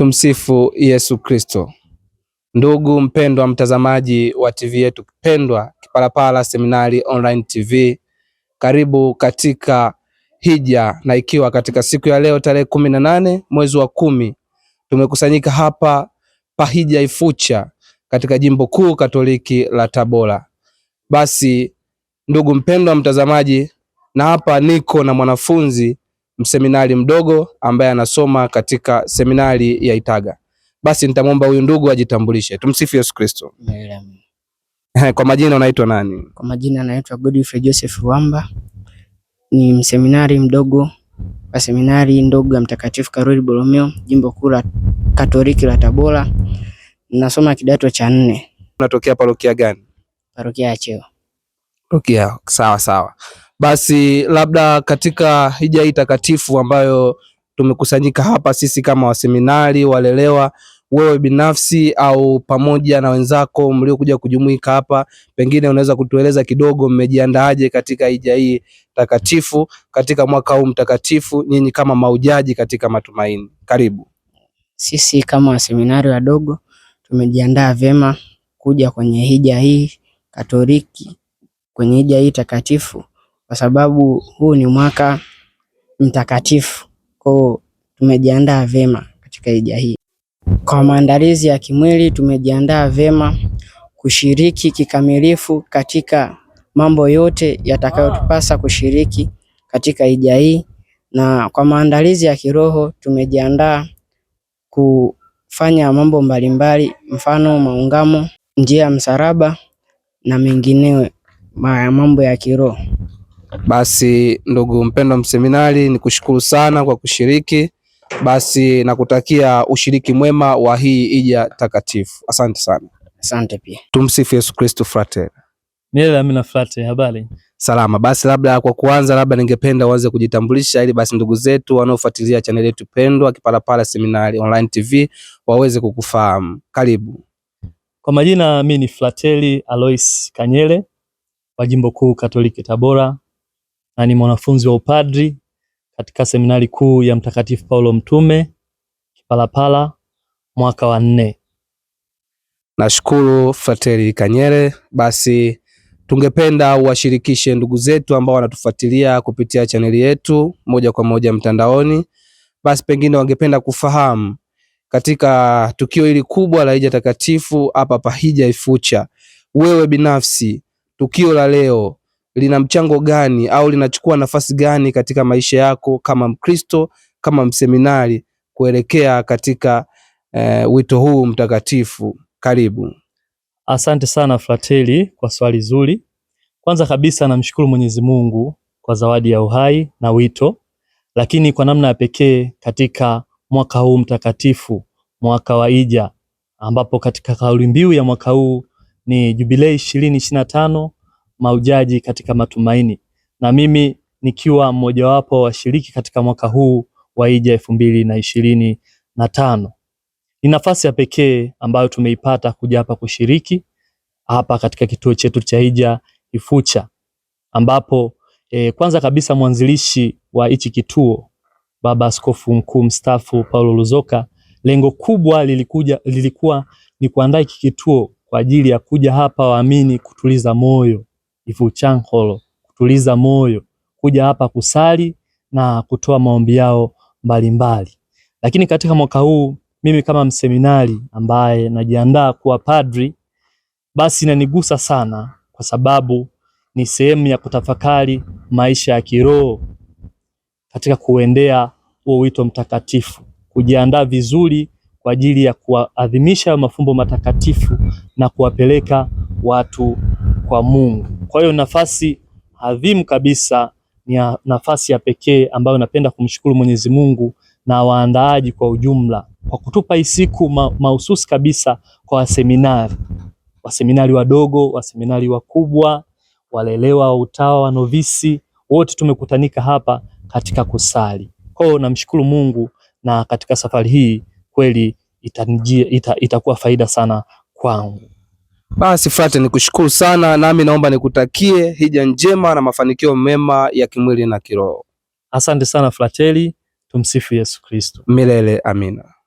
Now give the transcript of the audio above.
Tumsifu Yesu Kristo. Ndugu mpendwa mtazamaji wa TV yetu pendwa Kipalapala Seminari Online TV, karibu katika hija, na ikiwa katika siku ya leo tarehe kumi na nane mwezi wa kumi tumekusanyika hapa pa hija Ifucha katika jimbo kuu Katoliki la Tabora. Basi ndugu mpendwa mtazamaji, na hapa niko na mwanafunzi mseminari mdogo ambaye anasoma katika seminari ya Itaga. Basi nitamwomba huyu ndugu ajitambulishe. Tumsifu Yesu Kristo. Kwa majina unaitwa nani? Kwa majina anaitwa Godfrey Joseph Rwamba, ni mseminari mdogo wa seminari ndogo ya Mtakatifu Karoli Boromeo, jimbo kuu la Katoliki la Tabora. Nasoma kidato cha nne. Unatokea parokia gani? Parokia ya Cheo. Parokia, sawa sawa. Basi labda katika hija hii takatifu ambayo tumekusanyika hapa sisi kama waseminari, walelewa, wewe binafsi au pamoja na wenzako mliokuja kujumuika hapa, pengine unaweza kutueleza kidogo mmejiandaaje katika hija hii takatifu katika mwaka huu mtakatifu, nyinyi kama maujaji katika matumaini? Karibu. Sisi kama waseminari wadogo tumejiandaa vyema kuja kwenye hija hii Katoliki, kwenye hija hii takatifu kwa sababu huu ni mwaka mtakatifu. Kwa hiyo tumejiandaa vyema katika hija hii. Kwa maandalizi ya kimwili tumejiandaa vyema kushiriki kikamilifu katika mambo yote yatakayotupasa kushiriki katika hija hii, na kwa maandalizi ya kiroho tumejiandaa kufanya mambo mbalimbali, mfano maungamo, njia ya msalaba na mengineyo mambo ya kiroho. Basi ndugu mpendwa mseminari, ni kushukuru sana kwa kushiriki. Basi nakutakia ushiriki mwema wa hii ija takatifu. Asante sana. Asante pia. Tumsifu Yesu Kristo. Frate amina frate, habari? Salama. Basi labda kwa kuanza, labda ningependa uanze kujitambulisha ili basi ndugu zetu wanaofuatilia chaneli yetu pendwa Kipalapala Seminari Online TV waweze kukufahamu. Karibu. Kwa majina, mi ni Frateli Alois Kanyele wa Jimbo Kuu Katoliki Tabora, na ni mwanafunzi wa upadri katika seminari kuu ya Mtakatifu Paulo Mtume Kipalapala mwaka wa nne. Nashukuru Frateri Kanyere. Basi tungependa uwashirikishe ndugu zetu ambao wanatufuatilia kupitia chaneli yetu moja kwa moja mtandaoni, basi pengine wangependa kufahamu katika tukio hili kubwa la hija takatifu hapa pa Hija Ifucha, wewe binafsi, tukio la leo lina mchango gani au linachukua nafasi gani katika maisha yako kama Mkristo, kama mseminari kuelekea katika eh, wito huu mtakatifu? Karibu. Asante sana Frateli kwa swali zuri. Kwanza kabisa namshukuru Mwenyezi Mungu kwa zawadi ya uhai na wito, lakini kwa namna ya pekee katika mwaka huu mtakatifu, mwaka wa Hija, ambapo katika kauli mbiu ya mwaka huu ni Jubilei ishirini ishirini na tano maujaji katika matumaini, na mimi nikiwa mmojawapo washiriki katika mwaka huu wa hija elfu mbili na ishirini na tano. Ni nafasi ya pekee ambayo tumeipata kuja hapa kushiriki hapa katika kituo chetu cha hija Ifucha, ambapo eh, kwanza kabisa mwanzilishi wa hichi kituo Baba Askofu Mkuu mstaafu Paulo Luzoka, lengo kubwa lilikuja, lilikuwa ni kuandaa hiki kituo kwa ajili ya kuja hapa waamini kutuliza moyo Ifuchankolo, kutuliza moyo, kuja hapa kusali na kutoa maombi yao mbalimbali. Lakini katika mwaka huu mimi kama mseminari ambaye najiandaa kuwa padri, basi inanigusa sana kwa sababu ni sehemu ya kutafakari maisha ya kiroho katika kuendea huo wito mtakatifu, kujiandaa vizuri kwa ajili ya kuadhimisha mafumbo matakatifu na kuwapeleka watu kwa Mungu. Kwa hiyo nafasi adhimu kabisa ni nafasi ya pekee ambayo napenda kumshukuru Mwenyezi Mungu na waandaaji kwa ujumla kwa kutupa hii siku ma mahususi kabisa kwa waseminari, waseminari wadogo, waseminari wakubwa, walelewa wa utawa wa novisi, wote tumekutanika hapa katika kusali. Kwa hiyo namshukuru Mungu na katika safari hii kweli itanijia ita, itakuwa faida sana kwangu. Basi frate, ni kushukuru sana nami naomba nikutakie hija njema na mafanikio mema ya kimwili na kiroho. Asante sana frateli, tumsifu Yesu Kristo milele. Amina.